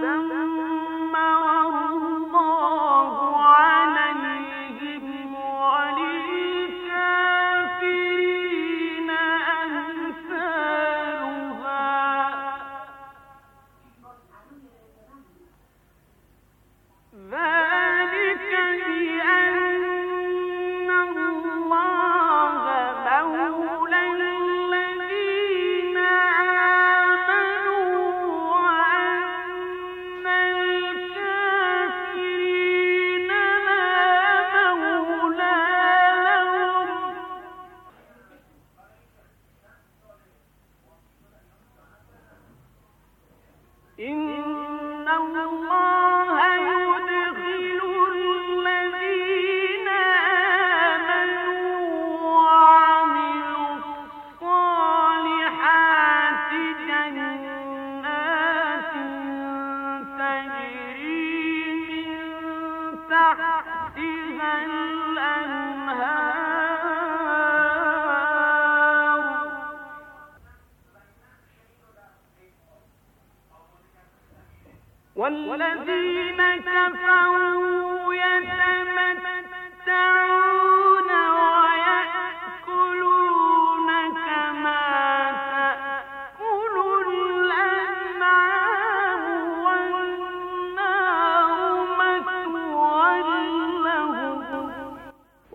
down. down, down.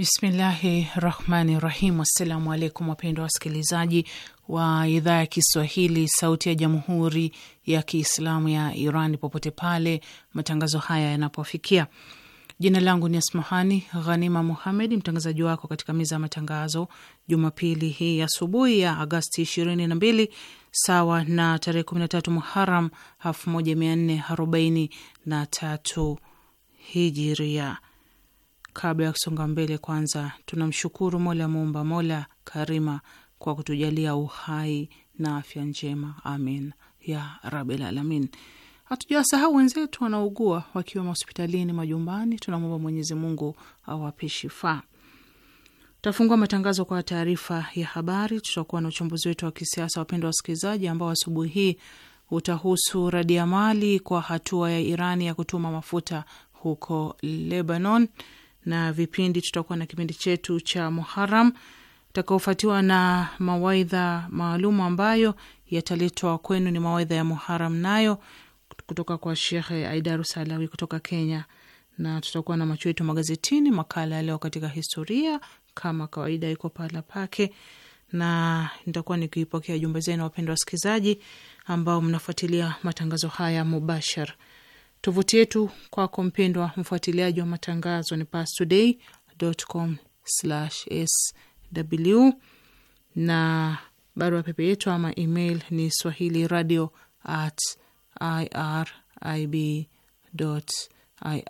Bismillahi rahmani rahim. Assalamu alaikum wapendwa wasikilizaji wa idhaa ya Kiswahili sauti ya jamhuri ya Kiislamu ya Iran popote pale matangazo haya yanapofikia. Jina langu ni Asmahani Ghanima Muhamed, mtangazaji wako katika meza ya matangazo Jumapili hii asubuhi ya Agasti 22 sawa na tarehe 13 Muharam 1443 Hijiria. Kabla ya kusonga mbele, kwanza tunamshukuru Mola Muumba, Mola Karima, kwa kutujalia uhai na afya njema, amin ya rabil alamin. Hatujawasahau wenzetu wanaougua wakiwemo hospitalini, majumbani. Tunamwomba Mwenyezi Mungu awape shifa. Tutafungua matangazo kwa taarifa ya habari. Tutakuwa na uchambuzi wetu wa kisiasa, wapendwa wasikilizaji, ambao asubuhi hii utahusu radiamali kwa hatua ya Irani ya kutuma mafuta huko Lebanon na vipindi. Tutakuwa na kipindi chetu cha Muharam takaofuatiwa na mawaidha maalum ambayo yataletwa kwenu. Ni mawaidha ya Muharam nayo kutoka kwa Shekhe Aidaru Salawi kutoka Kenya, na tutakuwa na macho yetu magazetini, makala ya leo katika historia kama kawaida iko pahala pake, na nitakuwa nikipokea jumbe zenu, wapendwa wasikilizaji, ambao mnafuatilia matangazo haya mubashara Tovuti yetu kwako mpendwa mfuatiliaji wa matangazo ni pastoday.com/sw, na barua pepe yetu ama email ni swahili radio at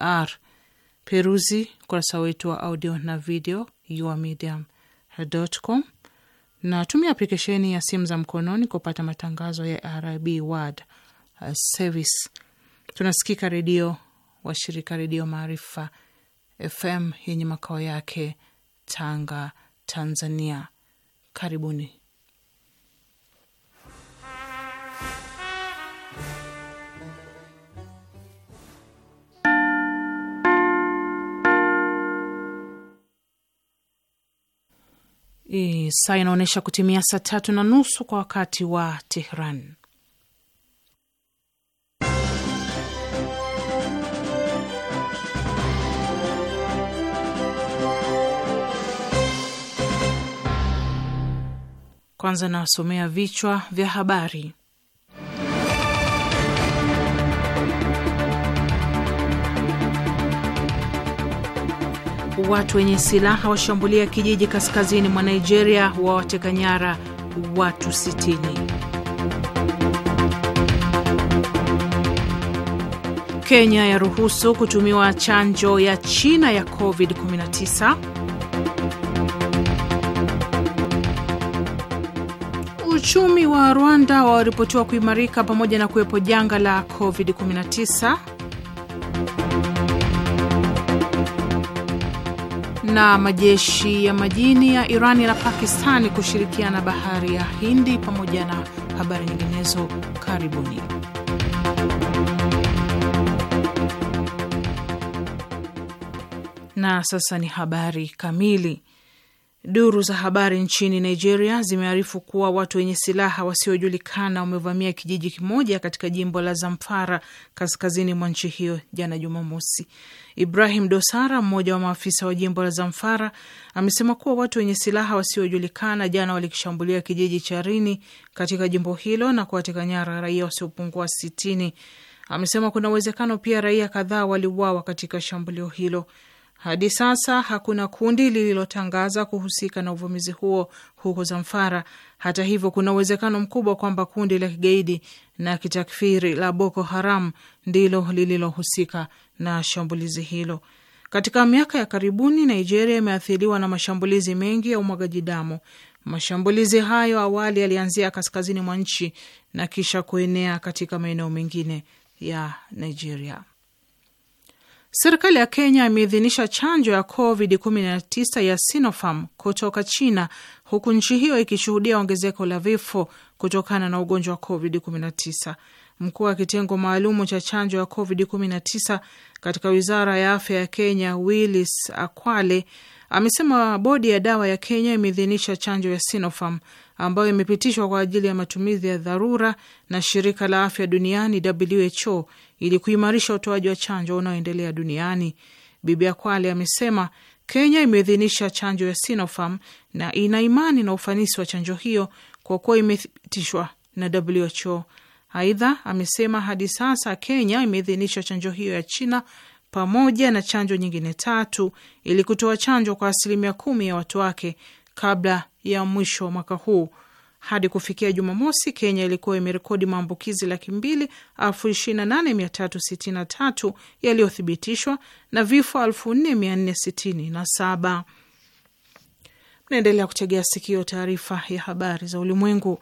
ir. Peruzi ukurasa wetu wa audio na video uamedium.com na tumia aplikesheni ya simu za mkononi kupata matangazo ya IRIB World Service. Tunasikika redio washirika, Redio Maarifa FM yenye makao yake Tanga, Tanzania. Karibuni. Saa inaonyesha kutimia saa tatu na nusu kwa wakati wa Tehran. Kwanza nawasomea vichwa vya habari. Watu wenye silaha washambulia kijiji kaskazini mwa Nigeria, wawateka nyara watu 60. Kenya yaruhusu kutumiwa chanjo ya China ya COVID-19. Uchumi wa Rwanda waripotiwa kuimarika pamoja na kuwepo janga la COVID-19. Na majeshi ya majini ya Irani na Pakistani kushirikiana bahari ya Hindi pamoja na habari nyinginezo. Karibuni. Na sasa ni habari kamili. Duru za habari nchini Nigeria zimearifu kuwa watu wenye silaha wasiojulikana wamevamia kijiji kimoja katika jimbo la Zamfara kaskazini mwa nchi hiyo jana Jumamosi. Ibrahim Dosara, mmoja wa maafisa wa jimbo la Zamfara, amesema kuwa watu wenye silaha wasiojulikana jana walikishambulia kijiji cha Rini katika jimbo hilo na kuwateka nyara raia wasiopungua sitini. Amesema kuna uwezekano pia raia kadhaa waliuawa katika shambulio hilo. Hadi sasa hakuna kundi lililotangaza kuhusika na uvamizi huo huko Zamfara. Hata hivyo, kuna uwezekano mkubwa kwamba kundi la kigaidi na kitakfiri la Boko Haram ndilo lililohusika na shambulizi hilo. Katika miaka ya karibuni, Nigeria imeathiriwa na mashambulizi mengi ya umwagaji damu. Mashambulizi hayo awali yalianzia kaskazini mwa nchi na kisha kuenea katika maeneo mengine ya Nigeria. Serikali ya Kenya imeidhinisha chanjo ya COVID-19 ya Sinopharm kutoka China, huku nchi hiyo ikishuhudia ongezeko la vifo kutokana na ugonjwa wa COVID-19. Mkuu wa kitengo maalumu cha chanjo ya COVID-19 katika wizara ya afya ya Kenya, Willis Akwale, amesema bodi ya dawa ya Kenya imeidhinisha chanjo ya Sinopharm ambayo imepitishwa kwa ajili ya matumizi ya dharura na shirika la afya duniani WHO ili kuimarisha utoaji wa chanjo unaoendelea duniani. Bibi Akwale amesema Kenya imeidhinisha chanjo ya Sinopharm na ina imani na ufanisi wa chanjo hiyo kwa kuwa imepitishwa na WHO. Aidha, amesema hadi sasa Kenya imeidhinisha chanjo hiyo ya China pamoja na chanjo nyingine tatu ili kutoa chanjo kwa asilimia kumi ya watu wake kabla ya mwisho wa mwaka huu. Hadi kufikia Jumamosi, Kenya ilikuwa imerekodi maambukizi laki mbili elfu ishirini na nane mia tatu sitini na tatu yaliyothibitishwa na vifo elfu nne mia nne sitini na saba. Naendelea kutegea sikio taarifa ya habari za ulimwengu.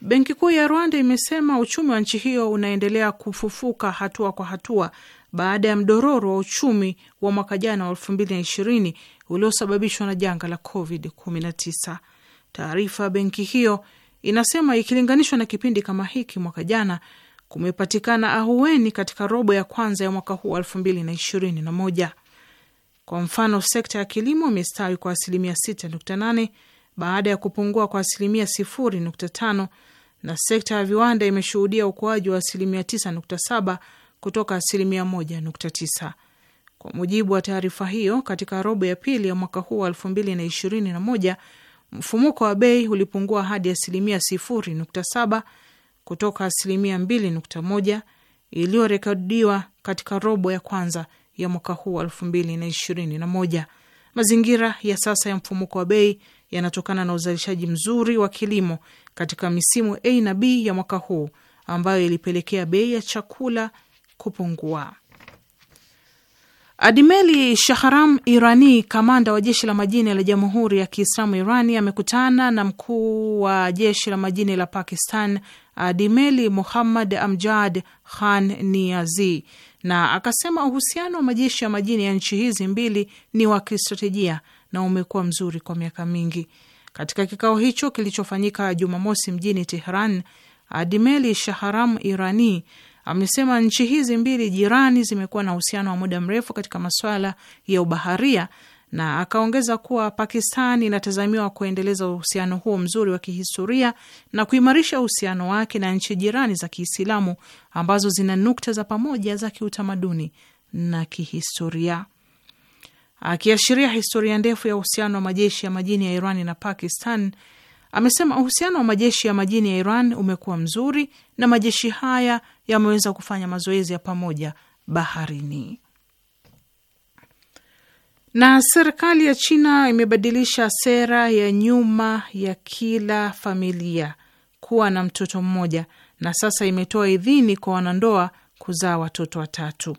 Benki Kuu ya Rwanda imesema uchumi wa nchi hiyo unaendelea kufufuka hatua kwa hatua baada ya mdororo wa uchumi wa mwaka jana wa elfu mbili na ishirini uliosababishwa na janga la COVID-19. Taarifa ya benki hiyo inasema ikilinganishwa na kipindi kama hiki mwaka jana, kumepatikana ahueni katika robo ya kwanza ya mwaka huu wa 2021. Kwa mfano, sekta ya kilimo imestawi kwa asilimia 6.8 baada ya kupungua kwa asilimia 0.5 na sekta ya viwanda imeshuhudia ukuaji wa asilimia 9.7 kutoka asilimia 1.9. Kwa mujibu wa taarifa hiyo, katika robo ya pili ya mwaka huu wa elfu mbili na ishirini na moja mfumuko wa bei ulipungua hadi asilimia sifuri nukta saba kutoka asilimia mbili nukta moja iliyorekodiwa katika robo ya kwanza ya mwaka huu wa elfu mbili na ishirini na moja. Mazingira ya sasa ya mfumuko wa bei yanatokana na uzalishaji mzuri wa kilimo katika misimu A na B ya mwaka huu ambayo ilipelekea bei ya chakula kupungua. Adimeli Shahram Irani, kamanda wa jeshi la majini la jamhuri ya Kiislamu Irani, amekutana na mkuu wa jeshi la majini la Pakistan Adimeli Muhammad Amjad Khan Niazi, na akasema uhusiano wa majeshi ya majini ya nchi hizi mbili ni wa kistratejia na umekuwa mzuri kwa miaka mingi. Katika kikao hicho kilichofanyika Jumamosi mjini Tehran, Adimeli Shahram Irani Amesema nchi hizi mbili jirani zimekuwa na uhusiano wa muda mrefu katika masuala ya ubaharia, na akaongeza kuwa Pakistan inatazamiwa kuendeleza uhusiano huo mzuri wa kihistoria na kuimarisha uhusiano wake na nchi jirani za Kiislamu ambazo zina nukta za pamoja za kiutamaduni na kihistoria. Akiashiria historia ndefu ya uhusiano wa majeshi ya majini ya Irani na Pakistan amesema uhusiano wa majeshi ya majini ya Iran umekuwa mzuri na majeshi haya yameweza kufanya mazoezi ya pamoja baharini. Na serikali ya China imebadilisha sera ya nyuma ya kila familia kuwa na mtoto mmoja na sasa imetoa idhini kwa wanandoa kuzaa watoto watatu.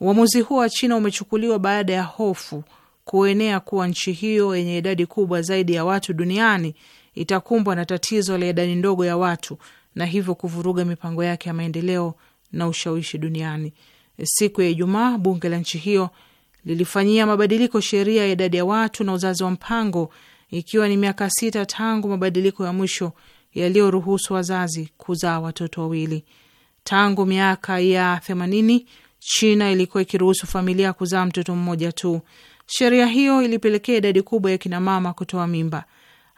Uamuzi huo wa China umechukuliwa baada ya hofu kuenea kuwa nchi hiyo yenye idadi kubwa zaidi ya watu duniani itakumbwa na tatizo la idadi ndogo ya watu na hivyo kuvuruga mipango yake ya maendeleo na ushawishi duniani. Siku ya Ijumaa, bunge la nchi hiyo lilifanyia mabadiliko sheria ya idadi ya watu na uzazi wa mpango, ikiwa ni miaka sita tangu mabadiliko ya mwisho yaliyoruhusu wazazi kuzaa watoto wawili. Tangu miaka ya themanini, China ilikuwa ikiruhusu familia kuzaa mtoto mmoja tu. Sheria hiyo ilipelekea idadi kubwa ya kinamama kutoa mimba.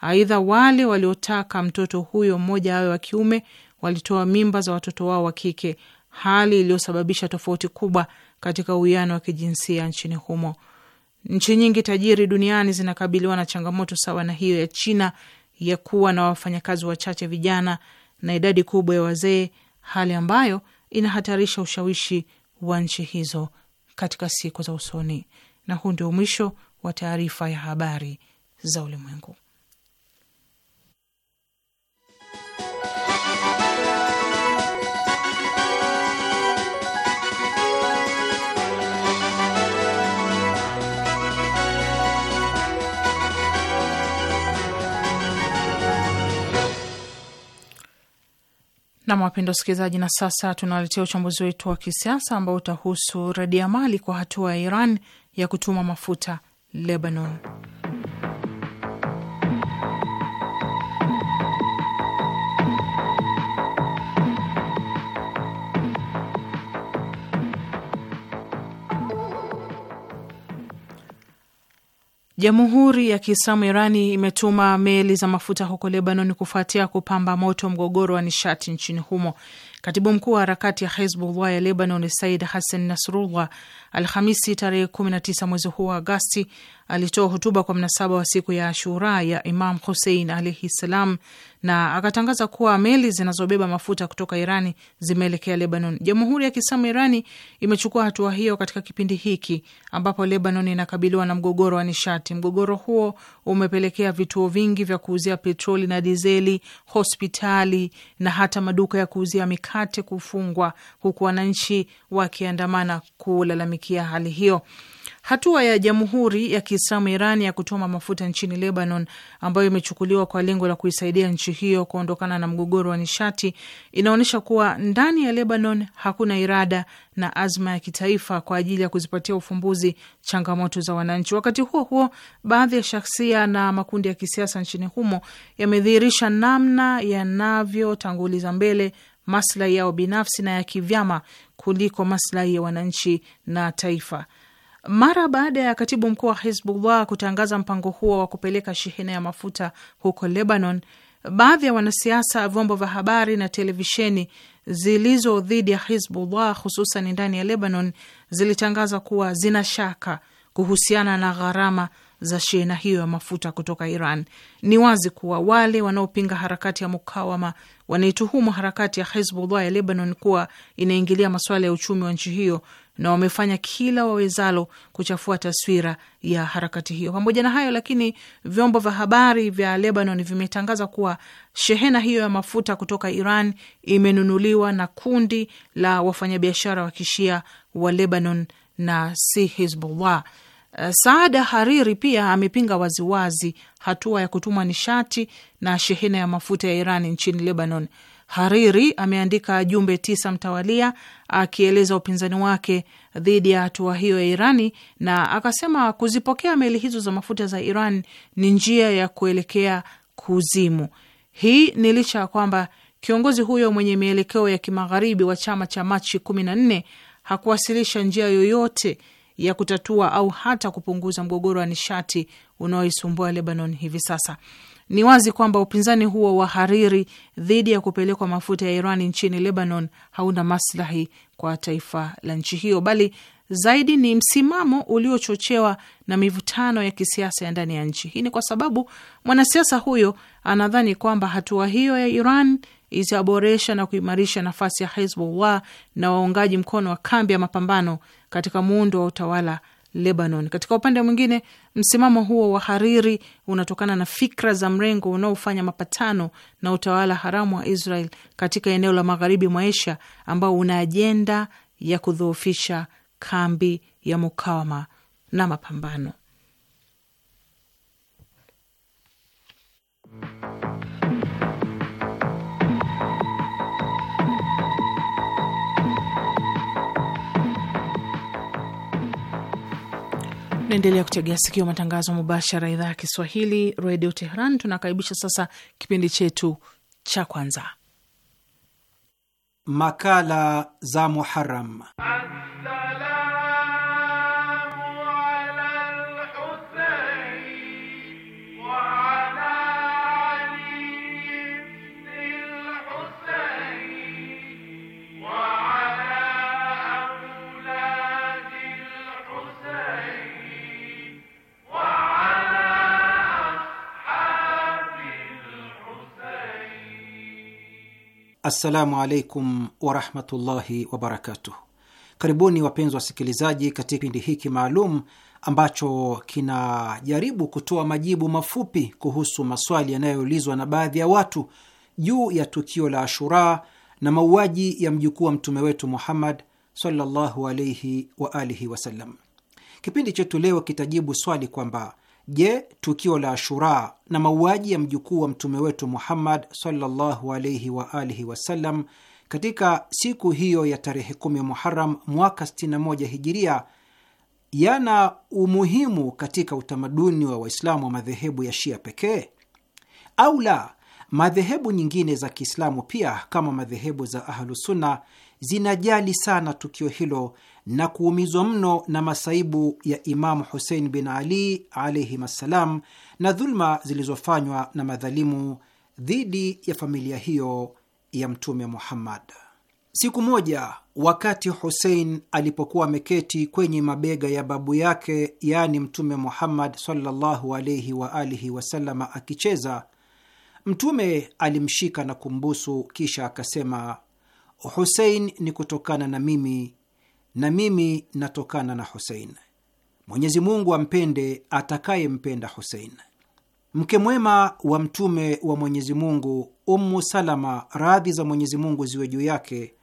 Aidha, wale waliotaka mtoto huyo mmoja awe wa kiume walitoa mimba za watoto wao wa kike, hali iliyosababisha tofauti kubwa katika uwiano wa kijinsia nchini humo. Nchi nyingi tajiri duniani zinakabiliwa na changamoto sawa na hiyo ya China ya kuwa na wafanyakazi wachache vijana na idadi kubwa ya wazee, hali ambayo inahatarisha ushawishi wa nchi hizo katika siku za usoni. Na huu ndio mwisho wa taarifa ya habari za ulimwengu. Nam, wapenda wasikilizaji, na sasa tunawaletea uchambuzi wetu wa kisiasa ambao utahusu ya mali kwa hatua ya Iran ya kutuma mafuta Lebanon. Jamhuri ya Kiislamu Irani imetuma meli za mafuta huko Lebanon kufuatia kupamba moto mgogoro wa nishati nchini humo. Katibu mkuu wa harakati ya Hezbullah ya Lebanon Said Hassan Nasrullah Alhamisi tarehe 19 mwezi huu wa Agasti alitoa hotuba kwa mnasaba wa siku ya Ashura ya Imam Husein alaihi ssalam, na akatangaza kuwa meli zinazobeba mafuta kutoka Irani zimeelekea Lebanon. Jamhuri ya Kiislamu Irani imechukua hatua hiyo katika kipindi hiki ambapo Lebanon inakabiliwa na mgogoro wa nishati. Mgogoro huo umepelekea vituo vingi vya kuuzia petroli na dizeli, hospitali na hata maduka ya kuuzia mikate kufungwa, huku wananchi wakiandamana kulalamikia hali hiyo. Hatua ya Jamhuri ya Kiislamu Iran ya kutoma mafuta nchini Lebanon, ambayo imechukuliwa kwa lengo la kuisaidia nchi hiyo kuondokana na mgogoro wa nishati, inaonyesha kuwa ndani ya Lebanon hakuna irada na azma ya kitaifa kwa ajili ya kuzipatia ufumbuzi changamoto za wananchi. Wakati huo huo, baadhi ya shahsia na makundi ya kisiasa nchini humo yamedhihirisha namna yanavyotanguliza mbele maslahi yao binafsi na ya kivyama kuliko maslahi ya wananchi na taifa. Mara baada ya katibu mkuu wa Hizbullah kutangaza mpango huo wa kupeleka shehena ya mafuta huko Lebanon, baadhi ya wanasiasa, vyombo vya habari na televisheni zilizo dhidi ya Hizbullah hususan ndani ya Lebanon zilitangaza kuwa zina shaka kuhusiana na gharama za shehena hiyo ya mafuta kutoka Iran. Ni wazi kuwa wale wanaopinga harakati ya mukawama wanaituhumu harakati ya Hizbullah ya Lebanon kuwa inaingilia masuala ya uchumi wa nchi hiyo na wamefanya kila wawezalo kuchafua taswira ya harakati hiyo. Pamoja na hayo lakini, vyombo vya habari vya Lebanon vimetangaza kuwa shehena hiyo ya mafuta kutoka Iran imenunuliwa na kundi la wafanyabiashara wa kishia wa Lebanon na si Hizbullah. Eh, Saada Hariri pia amepinga waziwazi hatua ya kutumwa nishati na shehena ya mafuta ya Iran nchini Lebanon Hariri ameandika jumbe tisa mtawalia akieleza upinzani wake dhidi ya hatua hiyo ya Irani na akasema kuzipokea meli hizo za mafuta za Iran ni njia ya kuelekea kuzimu. Hii ni licha ya kwamba kiongozi huyo mwenye mielekeo ya kimagharibi wa chama cha Machi kumi nne hakuwasilisha njia yoyote ya kutatua au hata kupunguza mgogoro wa nishati unaoisumbua Lebanon hivi sasa. Ni wazi kwamba upinzani huo wa hariri dhidi ya kupelekwa mafuta ya Iran nchini Lebanon hauna maslahi kwa taifa la nchi hiyo, bali zaidi ni msimamo uliochochewa na mivutano ya kisiasa ya ndani ya nchi. Hii ni kwa sababu mwanasiasa huyo anadhani kwamba hatua hiyo ya Iran itaboresha na kuimarisha nafasi ya Hezbollah na waungaji mkono wa kambi ya mapambano katika muundo wa utawala Lebanon. Katika upande mwingine, msimamo huo wa Hariri unatokana na fikra za mrengo unaofanya mapatano na utawala haramu wa Israel katika eneo la magharibi mwa Asia, ambao una ajenda ya kudhoofisha kambi ya mukawama na mapambano. Naendelea kutegea sikio matangazo mubashara idhaa ya Kiswahili redio Tehran. Tunakaribisha sasa kipindi chetu cha kwanza, makala za Muharam. Assalamu alaikum warahmatullahi wabarakatuh. Karibuni wapenzi wasikilizaji, katika kipindi hiki maalum ambacho kinajaribu kutoa majibu mafupi kuhusu maswali yanayoulizwa na baadhi ya watu juu ya tukio la Ashura na mauaji ya mjukuu wa mtume wetu Muhammad sallallahu alaihi wa alihi wasallam. Kipindi chetu leo kitajibu swali kwamba Je, tukio la Ashura na mauaji ya mjukuu wa mtume wetu Muhammad sallallahu alaihi wa alihi wasallam katika siku hiyo ya tarehe kumi Muharam mwaka 61 hijiria yana umuhimu katika utamaduni wa Waislamu wa madhehebu ya Shia pekee au la? Madhehebu nyingine za Kiislamu pia kama madhehebu za Ahlusunna zinajali sana tukio hilo na kuumizwa mno na masaibu ya Imamu Husein bin Ali alaihim assalam, na dhuluma zilizofanywa na madhalimu dhidi ya familia hiyo ya Mtume Muhammad. Siku moja wakati Husein alipokuwa ameketi kwenye mabega ya babu yake, yaani Mtume Muhammad sallallahu alaihi wa alihi wasalama, akicheza, Mtume alimshika na kumbusu, kisha akasema, Husein ni kutokana na mimi na mimi natokana na Husein. Mwenyezi Mungu ampende atakayempenda Husein. Mke mwema wa Mtume wa Mwenyezi Mungu, Ummu Salama, radhi za Mwenyezi Mungu ziwe juu yake,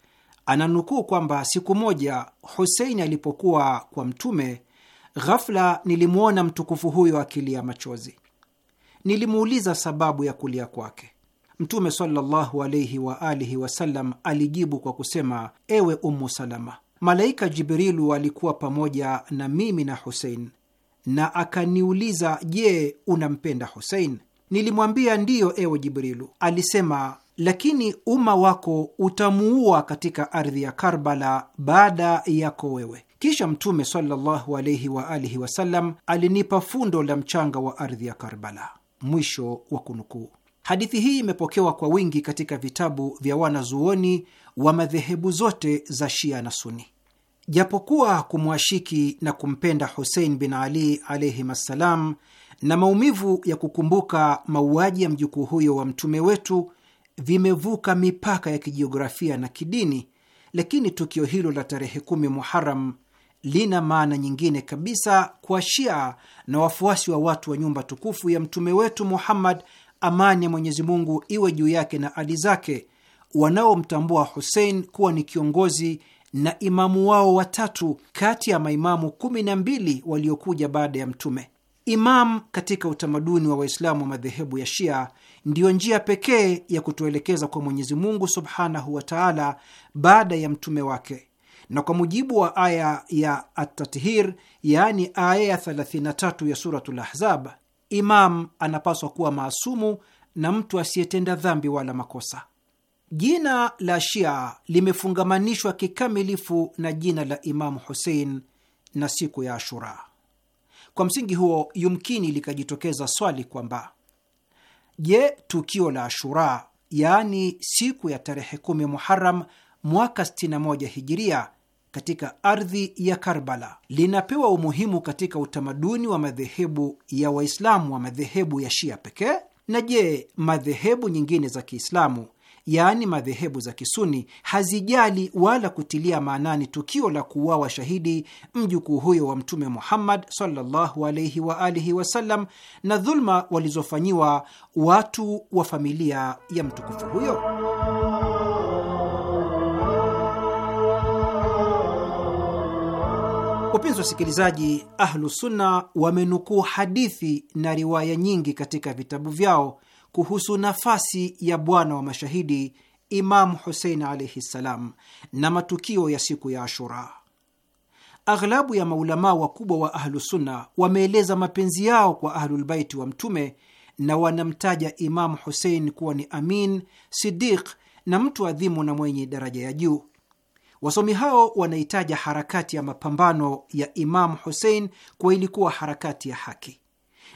ananukuu kwamba siku moja Husein alipokuwa kwa Mtume, ghafla nilimwona mtukufu huyo akilia machozi. Nilimuuliza sababu ya kulia kwake. Mtume sallallahu alaihi waalihi wasallam alijibu kwa kusema, ewe Ummu Salama, Malaika Jibrilu alikuwa pamoja na mimi na Husein na akaniuliza, je, unampenda Husein? Nilimwambia ndiyo, ewe Jibrilu. Alisema, lakini umma wako utamuua katika ardhi ya Karbala baada yako wewe. Kisha Mtume sallallahu alaihi wa alihi wasallam alinipa fundo la mchanga wa ardhi ya Karbala. Mwisho wa kunukuu. Hadithi hii imepokewa kwa wingi katika vitabu vya wanazuoni wa madhehebu zote za Shia na Suni. Japokuwa kumwashiki na kumpenda Husein bin Ali alaihim assalam na maumivu ya kukumbuka mauaji ya mjukuu huyo wa mtume wetu vimevuka mipaka ya kijiografia na kidini, lakini tukio hilo la tarehe kumi Muharam lina maana nyingine kabisa kwa Shia na wafuasi wa watu wa nyumba tukufu ya mtume wetu Muhammad, amani ya Mwenyezi Mungu iwe juu yake na ali zake wanaomtambua Husein kuwa ni kiongozi na imamu wao watatu kati ya maimamu kumi na mbili waliokuja baada ya Mtume. Imam katika utamaduni wa Waislamu wa madhehebu ya Shia ndiyo njia pekee ya kutuelekeza kwa Mwenyezi Mungu subhanahu wa taala baada ya mtume wake, na kwa mujibu wa aya ya Atathir, yaani aya ya 33 ya Suratul Ahzab, imam anapaswa kuwa maasumu na mtu asiyetenda dhambi wala makosa. Jina la Shia limefungamanishwa kikamilifu na jina la Imamu Husein na siku ya Ashura. Kwa msingi huo, yumkini likajitokeza swali kwamba je, tukio la Ashura, yaani siku ya tarehe kumi Muharam mwaka 61 hijiria katika ardhi ya Karbala linapewa umuhimu katika utamaduni wa madhehebu ya Waislamu wa madhehebu ya Shia pekee? Na je, madhehebu nyingine za Kiislamu yaani madhehebu za Kisuni hazijali wala kutilia maanani tukio la kuuawa shahidi mjukuu huyo wa Mtume Muhammad sallallahu alaihi wa alihi wasallam na dhulma walizofanyiwa watu wa familia ya mtukufu huyo. Wapenzi wasikilizaji, Ahlusunna wamenukuu hadithi na riwaya nyingi katika vitabu vyao kuhusu nafasi ya bwana wa mashahidi Imamu Husein alaihi ssalam na matukio ya siku ya Ashura. Aghlabu ya maulamaa wakubwa wa Ahlusunna wameeleza mapenzi yao kwa Ahlulbaiti wa Mtume na wanamtaja Imamu Husein kuwa ni amin, sidiq na mtu adhimu na mwenye daraja ya juu. Wasomi hao wanaitaja harakati ya mapambano ya Imamu Husein kuwa ilikuwa harakati ya haki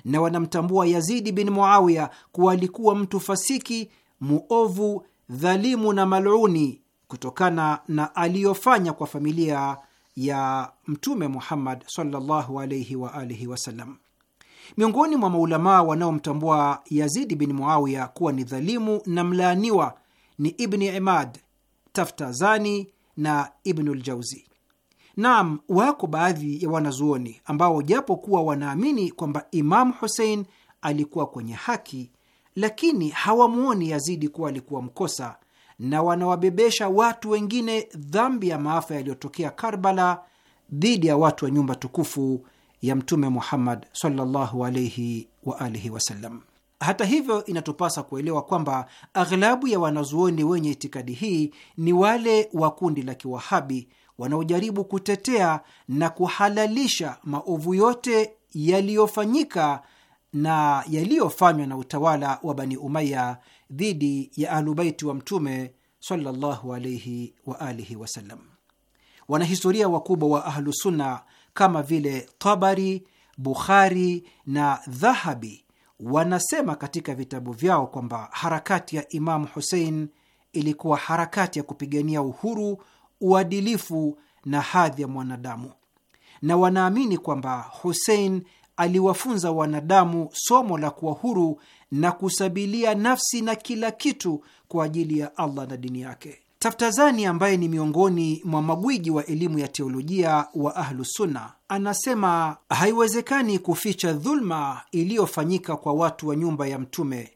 na wanamtambua Yazidi bin Muawiya kuwa alikuwa mtu fasiki, muovu, dhalimu na maluni kutokana na aliyofanya kwa familia ya Mtume Muhammad sallallahu alaihi wa alihi wasallam. Miongoni mwa maulamaa wanaomtambua Yazidi bin Muawiya kuwa ni dhalimu na mlaaniwa ni Ibni Imad, Taftazani na ibnuljauzi Naam, wako baadhi ya wanazuoni ambao japo kuwa wanaamini kwamba Imamu Husein alikuwa kwenye haki, lakini hawamuoni Yazidi kuwa alikuwa mkosa, na wanawabebesha watu wengine dhambi ya maafa yaliyotokea Karbala dhidi ya watu wa nyumba tukufu ya Mtume Muhammad sallallahu wa alihi wasallam. Hata hivyo, inatupasa kuelewa kwamba aghlabu ya wanazuoni wenye itikadi hii ni wale wa kundi la Kiwahabi wanaojaribu kutetea na kuhalalisha maovu yote yaliyofanyika na yaliyofanywa na utawala wa Bani Umaya dhidi ya Ahlubaiti wa Mtume sallallahu alaihi wa alihi wasallam. Wanahistoria wakubwa wa Ahlusunna kama vile Tabari, Bukhari na Dhahabi wanasema katika vitabu vyao kwamba harakati ya Imamu Husein ilikuwa harakati ya kupigania uhuru uadilifu na hadhi ya mwanadamu, na wanaamini kwamba Husein aliwafunza wanadamu somo la kuwa huru na kusabilia nafsi na kila kitu kwa ajili ya Allah na dini yake. Taftazani ambaye ni miongoni mwa magwiji wa elimu ya teolojia wa Ahlusunna anasema haiwezekani kuficha dhulma iliyofanyika kwa watu wa nyumba ya Mtume,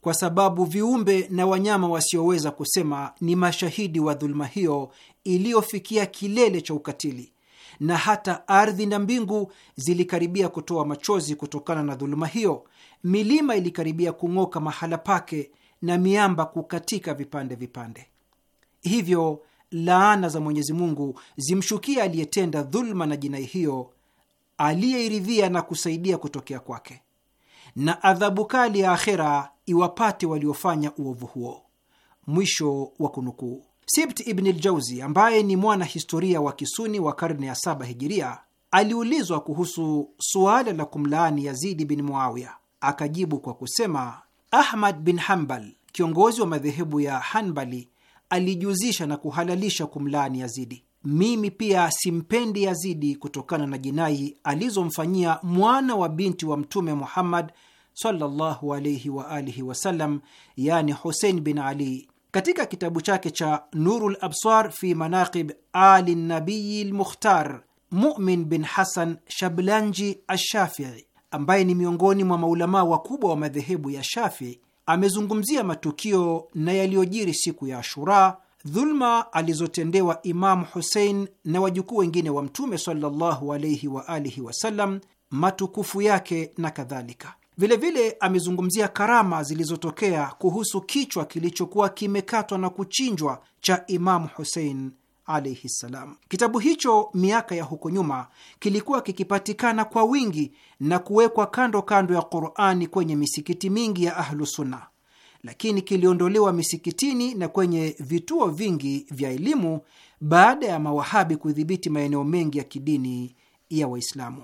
kwa sababu viumbe na wanyama wasioweza kusema ni mashahidi wa dhulma hiyo iliyofikia kilele cha ukatili, na hata ardhi na mbingu zilikaribia kutoa machozi kutokana na dhuluma hiyo. Milima ilikaribia kung'oka mahala pake na miamba kukatika vipande vipande. Hivyo laana za Mwenyezi Mungu zimshukia aliyetenda dhuluma na jinai hiyo, aliyeiridhia na kusaidia kutokea kwake, na adhabu kali ya akhera iwapate waliofanya uovu huo. Mwisho wa kunukuu. Sibt Ibn Ljauzi ambaye ni mwana historia wa kisuni wa karne ya saba hijiria aliulizwa kuhusu suala la kumlaani Yazidi bin Muawiya, akajibu kwa kusema, Ahmad bin Hambal, kiongozi wa madhehebu ya Hanbali, alijuzisha na kuhalalisha kumlaani Yazidi. Mimi pia simpendi Yazidi kutokana na jinai alizomfanyia mwana wa binti wa Mtume Muhammad sallallahu alayhi wa alihi wasallam, yani Husein bin Ali katika kitabu chake cha Nurul Absar fi Manaqib Ali Nabiyi Lmukhtar, Mumin bin Hasan Shablanji Ashafii, ambaye ni miongoni mwa maulamaa wakubwa wa madhehebu ya Shafii, amezungumzia matukio na yaliyojiri siku ya Ashura, dhulma alizotendewa Imamu Husein na wajukuu wengine wa Mtume sallallahu alaihi wasallam, matukufu yake na kadhalika. Vilevile amezungumzia karama zilizotokea kuhusu kichwa kilichokuwa kimekatwa na kuchinjwa cha Imamu Husein alaihi ssalam. Kitabu hicho miaka ya huko nyuma kilikuwa kikipatikana kwa wingi na kuwekwa kando kando ya Qurani kwenye misikiti mingi ya Ahlusunna, lakini kiliondolewa misikitini na kwenye vituo vingi vya elimu baada ya Mawahabi kudhibiti maeneo mengi ya kidini ya Waislamu.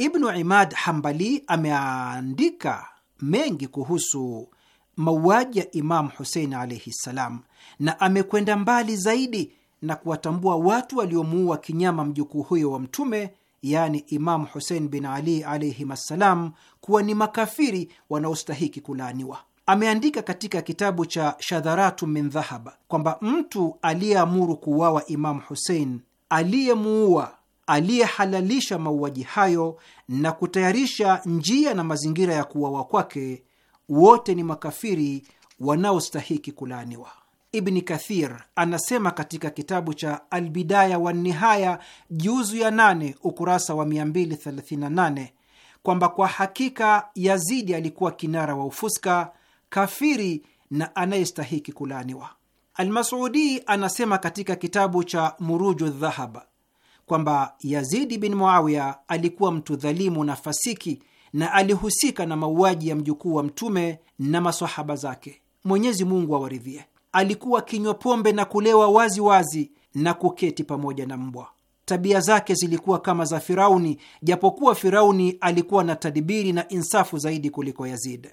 Ibnu Imad Hambali ameandika mengi kuhusu mauaji ya Imamu Husein alaihi ssalam, na amekwenda mbali zaidi na kuwatambua watu waliomuua kinyama mjukuu huyo wa Mtume, yaani Imamu Husein bin Ali alaihim assalam, kuwa ni makafiri wanaostahiki kulaaniwa. Ameandika katika kitabu cha Shadharatu min Dhahaba kwamba mtu aliyeamuru kuuawa Imamu Husein, aliyemuua aliyehalalisha mauaji hayo na kutayarisha njia na mazingira ya kuuawa kwake, wote ni makafiri wanaostahiki kulaaniwa. Ibni Kathir anasema katika kitabu cha Albidaya wa Nihaya juzu ya nane ukurasa wa 238 kwamba kwa hakika Yazidi alikuwa kinara wa ufuska, kafiri na anayestahiki kulaaniwa. Almasudi anasema katika kitabu cha murujudhahab kwamba Yazidi bin Muawiya alikuwa mtu dhalimu na fasiki na alihusika na mauaji ya mjukuu wa Mtume na masahaba zake, Mwenyezi Mungu awaridhie. Alikuwa kinywa pombe na kulewa waziwazi wazi na kuketi pamoja na mbwa. Tabia zake zilikuwa kama za Firauni, japokuwa Firauni alikuwa na tadibiri na insafu zaidi kuliko Yazid.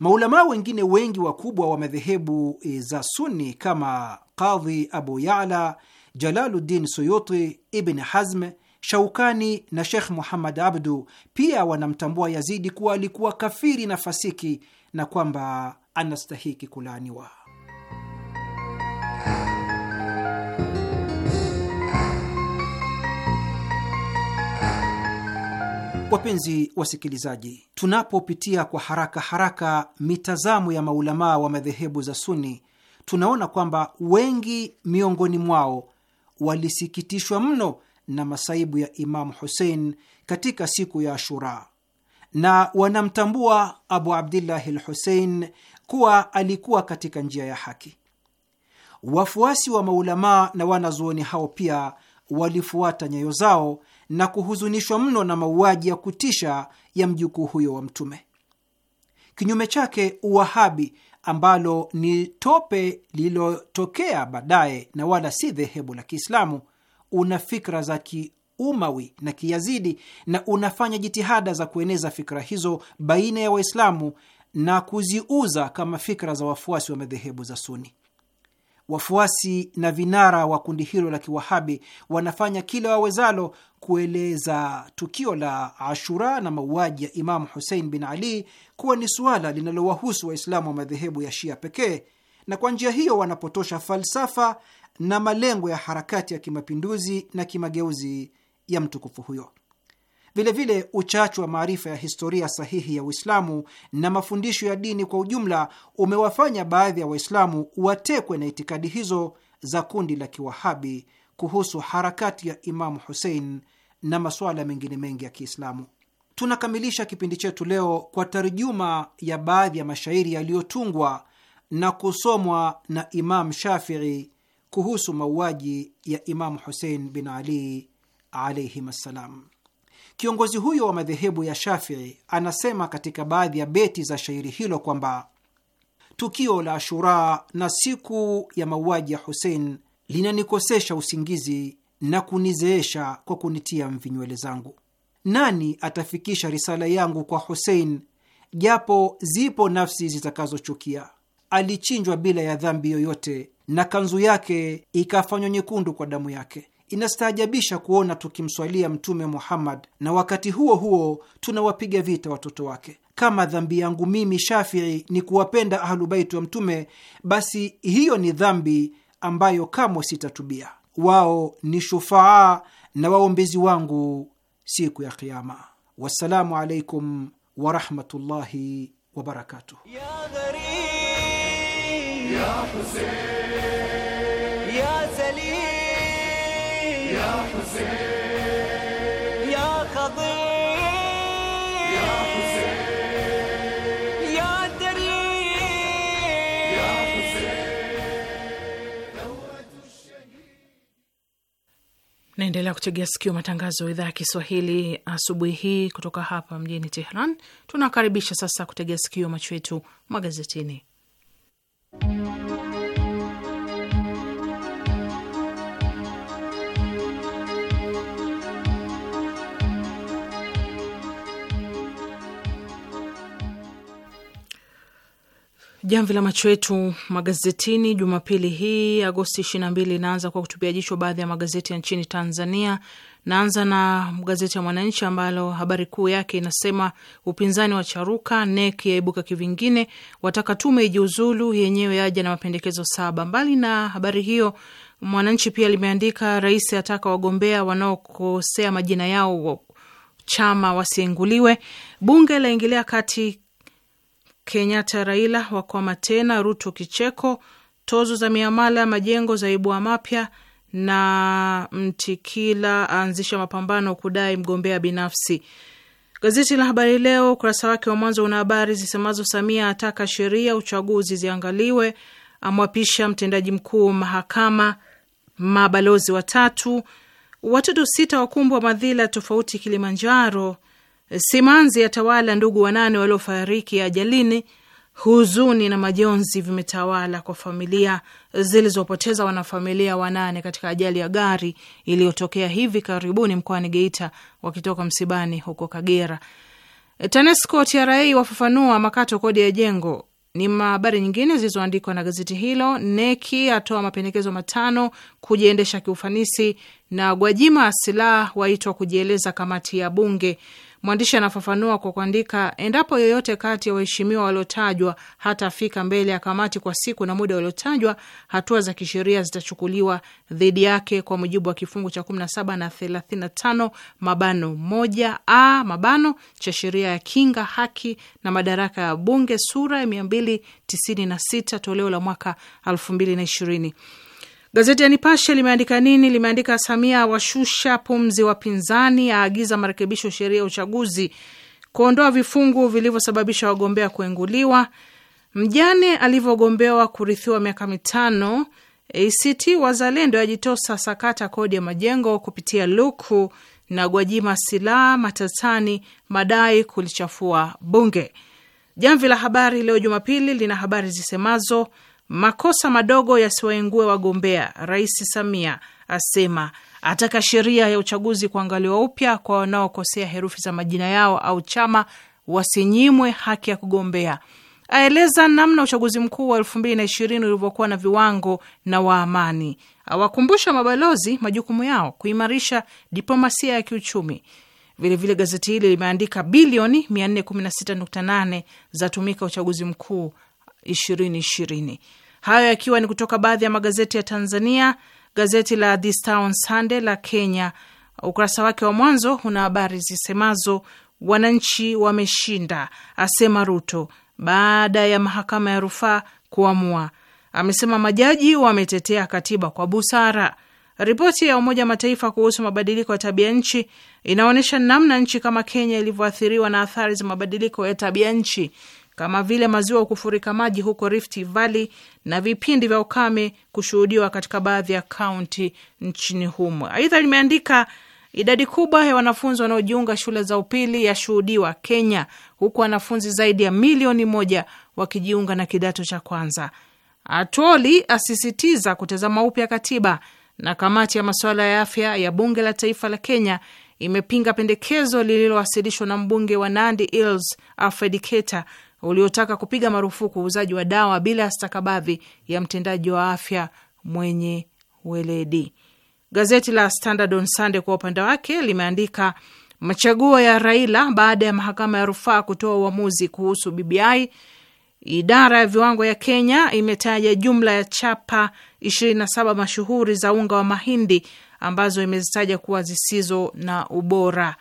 Maulamaa wengine wengi wakubwa wa madhehebu eh, za Sunni kama Kadhi Abu Yala Jalaluddin Suyuti, Ibn Hazm, Shaukani na Shekh Muhammad Abdu pia wanamtambua Yazidi kuwa alikuwa kafiri na fasiki na kwamba anastahiki kulaaniwa. Wapenzi wasikilizaji, tunapopitia kwa haraka haraka mitazamo ya maulamaa wa madhehebu za Suni, tunaona kwamba wengi miongoni mwao walisikitishwa mno na masaibu ya Imamu Husein katika siku ya Ashura, na wanamtambua Abu Abdillahi l Husein kuwa alikuwa katika njia ya haki. Wafuasi wa maulamaa na wanazuoni hao pia walifuata nyayo zao na kuhuzunishwa mno na mauaji ya kutisha ya mjukuu huyo wa Mtume. Kinyume chake, Uwahabi ambalo ni tope lililotokea baadaye na wala si dhehebu la Kiislamu, una fikra za Kiumawi na Kiyazidi na unafanya jitihada za kueneza fikra hizo baina ya Waislamu na kuziuza kama fikra za wafuasi wa madhehebu za Suni. Wafuasi na vinara wa kundi hilo la Kiwahabi wanafanya kila wawezalo kueleza tukio la Ashura na mauaji ya Imamu Husein bin Ali kuwa ni suala linalowahusu Waislamu wa madhehebu ya Shia pekee, na kwa njia hiyo wanapotosha falsafa na malengo ya harakati ya kimapinduzi na kimageuzi ya mtukufu huyo. Vilevile, uchache wa maarifa ya historia sahihi ya Uislamu na mafundisho ya dini kwa ujumla umewafanya baadhi ya Waislamu watekwe na itikadi hizo za kundi la Kiwahabi kuhusu harakati ya Imamu Husein na masuala mengine mengi ya Kiislamu. Tunakamilisha kipindi chetu leo kwa tarjuma ya baadhi ya mashairi yaliyotungwa na kusomwa na Imam Shafii kuhusu mauaji ya Imamu Husein bin Ali alaihim assalam. Kiongozi huyo wa madhehebu ya Shafii anasema katika baadhi ya beti za shairi hilo kwamba tukio la Ashura na siku ya mauaji ya Husein linanikosesha usingizi na kunizeesha kwa kunitia mvi nywele zangu. Nani atafikisha risala yangu kwa Husein, japo zipo nafsi zitakazochukia? Alichinjwa bila ya dhambi yoyote, na kanzu yake ikafanywa nyekundu kwa damu yake. Inastaajabisha kuona tukimswalia Mtume Muhammad na wakati huo huo tunawapiga vita watoto wake. Kama dhambi yangu mimi Shafii ni kuwapenda Ahlubaiti wa Mtume, basi hiyo ni dhambi ambayo kamwe sitatubia wao ni shufaa na waombezi wangu siku ya Kiama. Wassalamu alaikum warahmatullahi wabarakatuh. Ya Naendelea kutegea sikio matangazo ya idhaa ya Kiswahili asubuhi hii kutoka hapa mjini Tehran. Tunakaribisha sasa kutegea sikio macho yetu magazetini. Jamvi la macho yetu magazetini Jumapili hii Agosti ishirini na mbili inaanza kwa kutupia jicho baadhi ya magazeti ya nchini Tanzania. Naanza na gazeti ya Mwananchi ambalo habari kuu yake inasema upinzani wa charuka, nek yaibuka kivingine, wataka tume ijiuzulu, yenyewe yaja na mapendekezo saba. Mbali na habari hiyo, Mwananchi pia limeandika rais ataka wagombea wanaokosea majina yao chama wasienguliwe, bunge laingilia kati Kenyatta Raila wakwama tena, Ruto kicheko, tozo za miamala ya majengo zaibua mapya, na Mtikila aanzisha mapambano kudai mgombea binafsi. Gazeti la Habari Leo ukurasa wake wa mwanzo una habari zisemazo: Samia ataka sheria uchaguzi ziangaliwe, amwapisha mtendaji mkuu mahakama, mabalozi watatu, watoto sita wakumbwa madhila tofauti Kilimanjaro Simanzi ya tawala ndugu wanane waliofariki ajalini. Huzuni na majonzi vimetawala kwa familia zilizopoteza wanafamilia wanane katika ajali ya gari iliyotokea hivi karibuni mkoani Geita wakitoka msibani huko Kagera. TANESCO TRA wafafanua makato kodi ya jengo ni habari nyingine zilizoandikwa na gazeti hilo. Neki atoa mapendekezo matano kujiendesha kiufanisi, na Gwajima silaha waitwa kujieleza kamati ya Bunge. Mwandishi anafafanua kwa kuandika, endapo yoyote kati ya waheshimiwa waliotajwa hatafika mbele ya kamati kwa siku na muda uliotajwa, hatua za kisheria zitachukuliwa dhidi yake kwa mujibu wa kifungu cha 17 na 35 mabano moja a mabano cha sheria ya kinga, haki na madaraka ya bunge sura ya 296 toleo la mwaka 2020. Gazeti ya Nipashe limeandika nini? Limeandika Samia washusha pumzi wapinzani, aagiza marekebisho sheria ya uchaguzi kuondoa vifungu vilivyosababisha wagombea kuenguliwa, mjane alivyogombewa kurithiwa miaka mitano. ACT Wazalendo yajitosa sakata kodi ya majengo kupitia luku na Gwajima silaha matatani madai kulichafua Bunge. Jamvi la Habari leo Jumapili lina habari zisemazo makosa madogo yasiwaingue wagombea, Rais Samia asema ataka sheria ya uchaguzi kuangaliwa upya kwa wanaokosea herufi za majina yao au chama wasinyimwe haki ya kugombea. Aeleza namna uchaguzi mkuu wa elfu mbili na ishirini ulivyokuwa na viwango na wa amani. Awakumbusha mabalozi majukumu yao kuimarisha diplomasia ya kiuchumi. Vilevile gazeti hili limeandika bilioni 416.8 zatumika uchaguzi mkuu 2020. Hayo yakiwa ni kutoka baadhi ya magazeti ya Tanzania. Gazeti la This Town Sunday la Kenya, ukurasa wake wa mwanzo una habari zisemazo wananchi wameshinda, asema Ruto baada ya mahakama ya rufaa kuamua. Amesema majaji wametetea katiba kwa busara. Ripoti ya Umoja Mataifa kuhusu mabadiliko ya tabia nchi inaonyesha namna nchi kama Kenya ilivyoathiriwa na athari za mabadiliko ya tabia nchi kama vile maziwa kufurika maji huko Rift Valley na vipindi vya ukame kushuhudiwa katika baadhi ya kaunti nchini humo. Aidha limeandika idadi kubwa ya wanafunzi wanaojiunga shule za upili yashuhudiwa Kenya, huku wanafunzi zaidi ya milioni moja wakijiunga na kidato cha kwanza. Atoli asisitiza kutazama upya katiba, na kamati ya masuala ya afya ya bunge la taifa la Kenya imepinga pendekezo lililowasilishwa na mbunge wa Nandi Hills Alfred Keta uliotaka kupiga marufuku uuzaji wa dawa bila stakabadhi ya mtendaji wa afya mwenye weledi. Gazeti la Standard on Sunday kwa upande wake limeandika machaguo ya Raila baada ya mahakama ya rufaa kutoa uamuzi kuhusu BBI. Idara ya viwango ya Kenya imetaja jumla ya chapa 27 mashuhuri za unga wa mahindi ambazo imezitaja kuwa zisizo na ubora,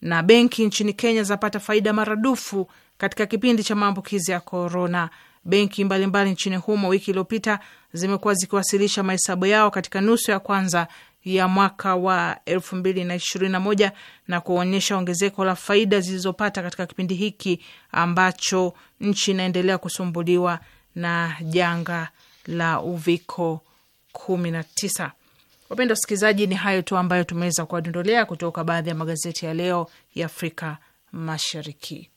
na benki nchini Kenya zapata faida maradufu katika kipindi cha maambukizi ya korona. Benki mbalimbali nchini humo wiki iliyopita zimekuwa zikiwasilisha mahesabu yao katika nusu ya kwanza ya mwaka wa elfu mbili na ishirini na moja na kuonyesha ongezeko la faida zilizopata katika kipindi hiki ambacho nchi inaendelea kusumbuliwa na janga la uviko kumi na tisa. Wapenda wasikilizaji, ni hayo tu ambayo tumeweza kuwadondolea kutoka baadhi ya magazeti ya leo ya Afrika Mashariki.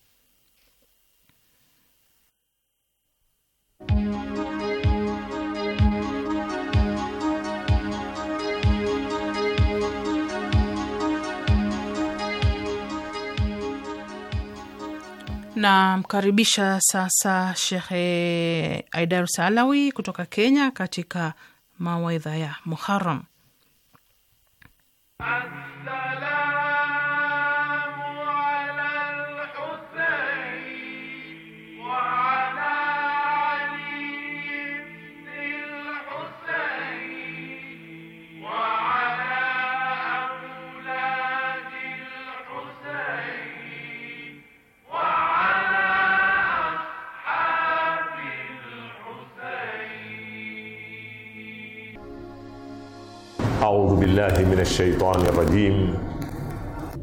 Namkaribisha sasa Shekhe Aidaru Salawi kutoka Kenya katika mawaidha ya Muharam. بالله من الشيطان الرجيم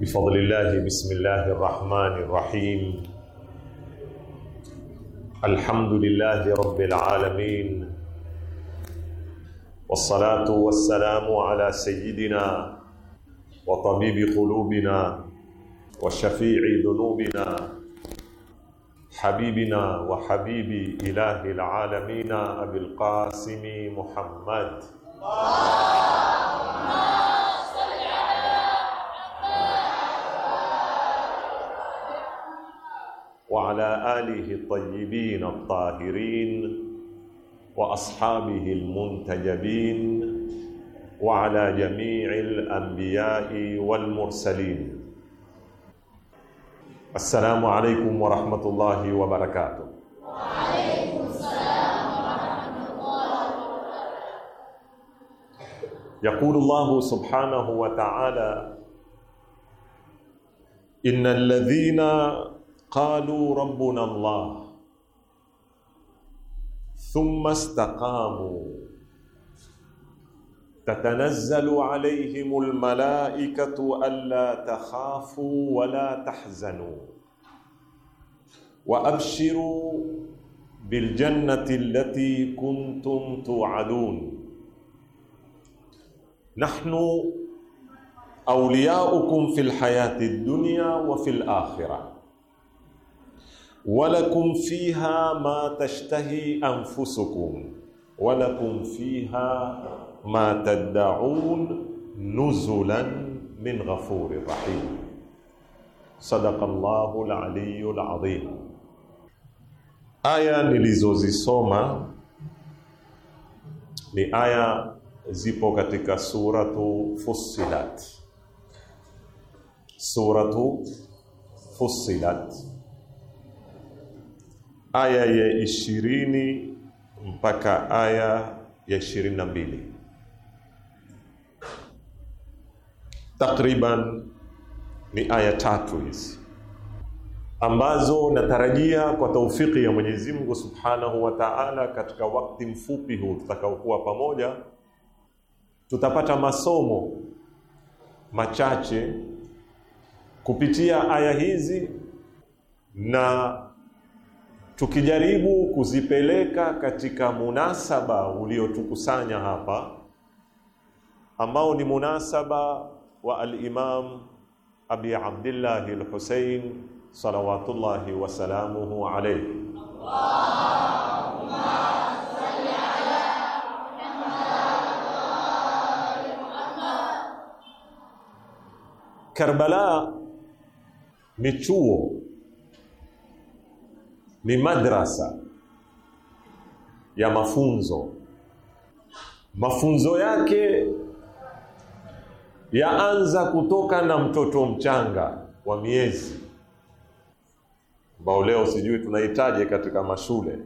بفضل الله بسم الله الرحمن الرحيم الحمد لله رب العالمين والصلاة والسلام على سيدنا وطبيب قلوبنا وشفيع ذنوبنا حبيبنا وحبيب إله العالمين أبي القاسم محمد وعلى آله الطيبين الطاهرين وأصحابه المنتجبين وعلى جميع الأنبياء والمرسلين السلام عليكم ورحمة الله وبركاته وعليكم السلام ورحمة الله وبركاته يقول الله سبحانه وتعالى إن الذين قالوا ربنا الله ثم استقاموا تتنزل عليهم الملائكه الا تخافوا ولا تحزنوا وابشروا بالجنه التي كنتم توعدون نحن اولياؤكم في الحياه الدنيا وفي الاخره ولكم فيها ما تشتهي أنفسكم ولكم فيها ما تدعون نزلا من غفور رحيم صدق الله العلي العظيم aya آية nilizozisoma ni aya zipo katika suratu fussilat suratu aya ya ishirini mpaka aya ya ishirini na mbili takriban ni aya tatu hizi ambazo natarajia kwa taufiki ya Mwenyezi Mungu Subhanahu wa Ta'ala, katika wakati mfupi huu tutakaokuwa pamoja, tutapata masomo machache kupitia aya hizi na tukijaribu kuzipeleka katika munasaba uliotukusanya hapa ambao ni munasaba wa al-Imam Abi Abdullah al hussein salawatullahi wa salamuhu alayhi. Allahumma salli ala Muhammad. Karbala michuo ni madrasa ya mafunzo. Mafunzo yake yaanza kutoka na mtoto mchanga wa miezi ambao leo sijui tunahitaji katika mashule,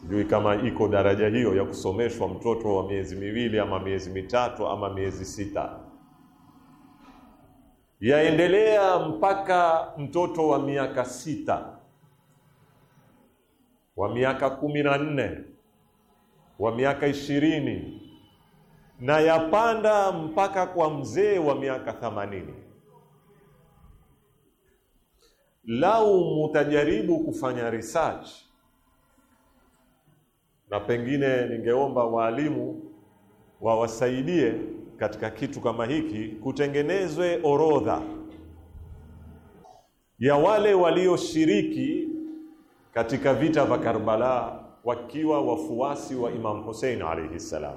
sijui kama iko daraja hiyo ya kusomeshwa mtoto wa miezi miwili ama miezi mitatu ama miezi sita, yaendelea mpaka mtoto wa miaka sita wa miaka kumi na nne wa miaka ishirini na yapanda mpaka kwa mzee wa miaka thamanini. Lau mutajaribu kufanya research, na pengine ningeomba waalimu wawasaidie katika kitu kama hiki, kutengenezwe orodha ya wale walioshiriki katika vita vya Karbala wakiwa wafuasi wa Imam Hussein alayhi salam,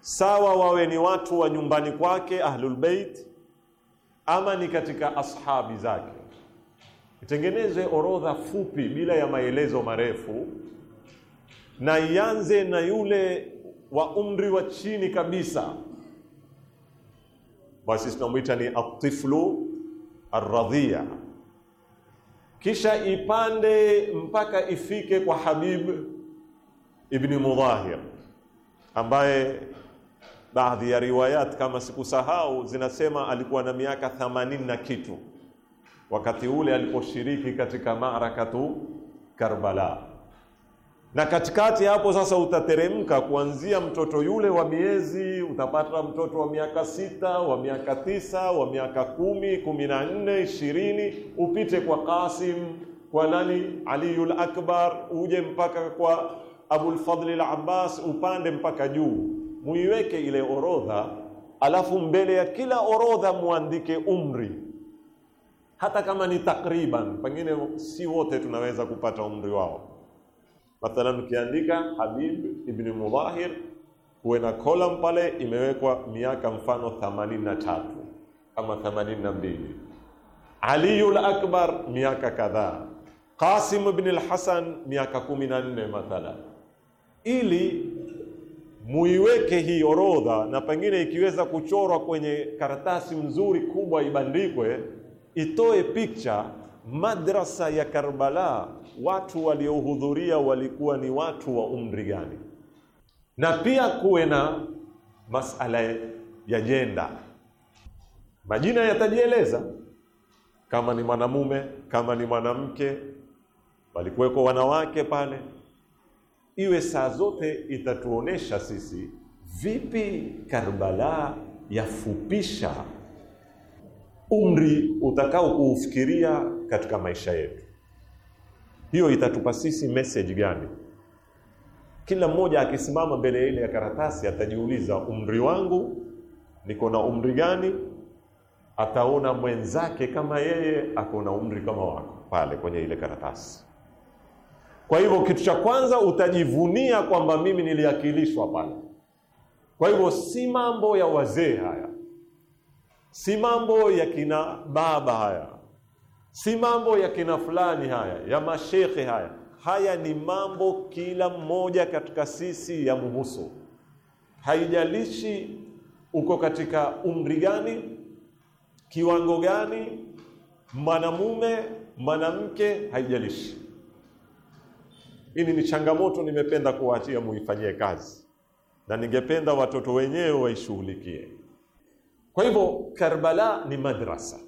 sawa wawe ni watu wa nyumbani kwake Ahlul Bait ama ni katika ashabi zake. Itengenezwe orodha fupi bila ya maelezo marefu, na ianze na yule wa umri wa chini kabisa, basi tunamwita ni atiflu arradhia kisha ipande mpaka ifike kwa Habib ibni Mudhahir ambaye baadhi ya riwayat kama sikusahau zinasema alikuwa na miaka 80 na kitu wakati ule aliposhiriki katika maarakatu Karbala na katikati hapo sasa utateremka kuanzia mtoto yule wa miezi, utapata mtoto wa miaka sita, wa miaka tisa, wa miaka kumi, kumi na nne, ishirini, upite kwa Qasim, kwa nani, Aliyul Akbar, uje mpaka kwa Abulfadli al Abbas, upande mpaka juu. Muiweke ile orodha, alafu mbele ya kila orodha muandike umri, hata kama ni takriban, pengine si wote tunaweza kupata umri wao Mathalan, ukiandika Habib ibn Mudahir huwe na kolam pale imewekwa miaka mfano 83 ama 82, Aliul Akbar miaka kadhaa, Qasim ibn al-Hasan miaka 14 mathalan, ili muiweke hii orodha, na pengine ikiweza kuchorwa kwenye karatasi mzuri kubwa ibandikwe, itoe picha madrasa ya Karbala watu waliohudhuria walikuwa ni watu wa umri gani, na pia kuwe na masala ya jenda. Majina yatajieleza kama ni mwanamume, kama ni mwanamke, walikuweko wanawake pale. Iwe saa zote itatuonesha sisi vipi Karbala yafupisha umri utakao kuufikiria katika maisha yetu hiyo itatupa sisi message gani? Kila mmoja akisimama mbele ile ya karatasi atajiuliza, umri wangu niko na umri gani? Ataona mwenzake kama yeye ako na umri kama wako pale kwenye ile karatasi. Kwa hivyo kitu cha kwanza utajivunia kwamba mimi niliakilishwa pale. Kwa hivyo si mambo ya wazee haya, si mambo ya kina baba haya Si mambo ya kina fulani haya ya mashekhe haya, haya ni mambo kila mmoja katika sisi ya muhusu, haijalishi uko katika umri gani, kiwango gani, mwanamume mwanamke, haijalishi. Hili ni changamoto, nimependa kuwaachia muifanyie kazi, na ningependa watoto wenyewe waishughulikie. Kwa hivyo, Karbala ni madrasa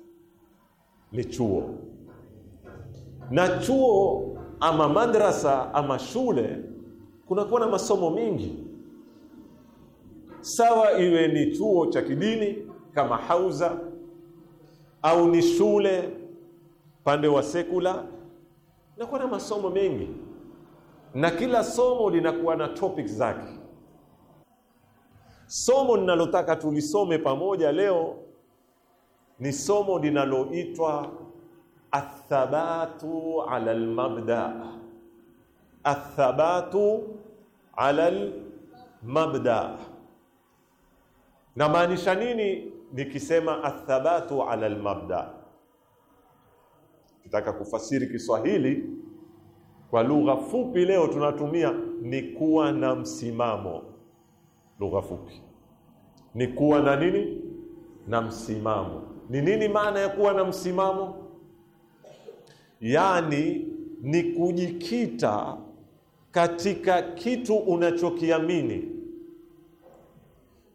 ni chuo, na chuo ama madrasa ama shule kunakuwa na masomo mingi, sawa iwe ni chuo cha kidini kama hauza au ni shule pande wa sekula, nakuwa na masomo mengi na kila somo linakuwa na topics zake. Somo ninalotaka tulisome pamoja leo ni somo linaloitwa athabatu ala almabda, athabatu ala almabda. maanisha nini nikisema athabatu ala almabda? Kitaka kufasiri Kiswahili kwa lugha fupi, leo tunatumia ni kuwa na msimamo. Lugha fupi ni kuwa na nini? Na msimamo. Ni nini maana ya kuwa na msimamo? Yaani ni kujikita katika kitu unachokiamini,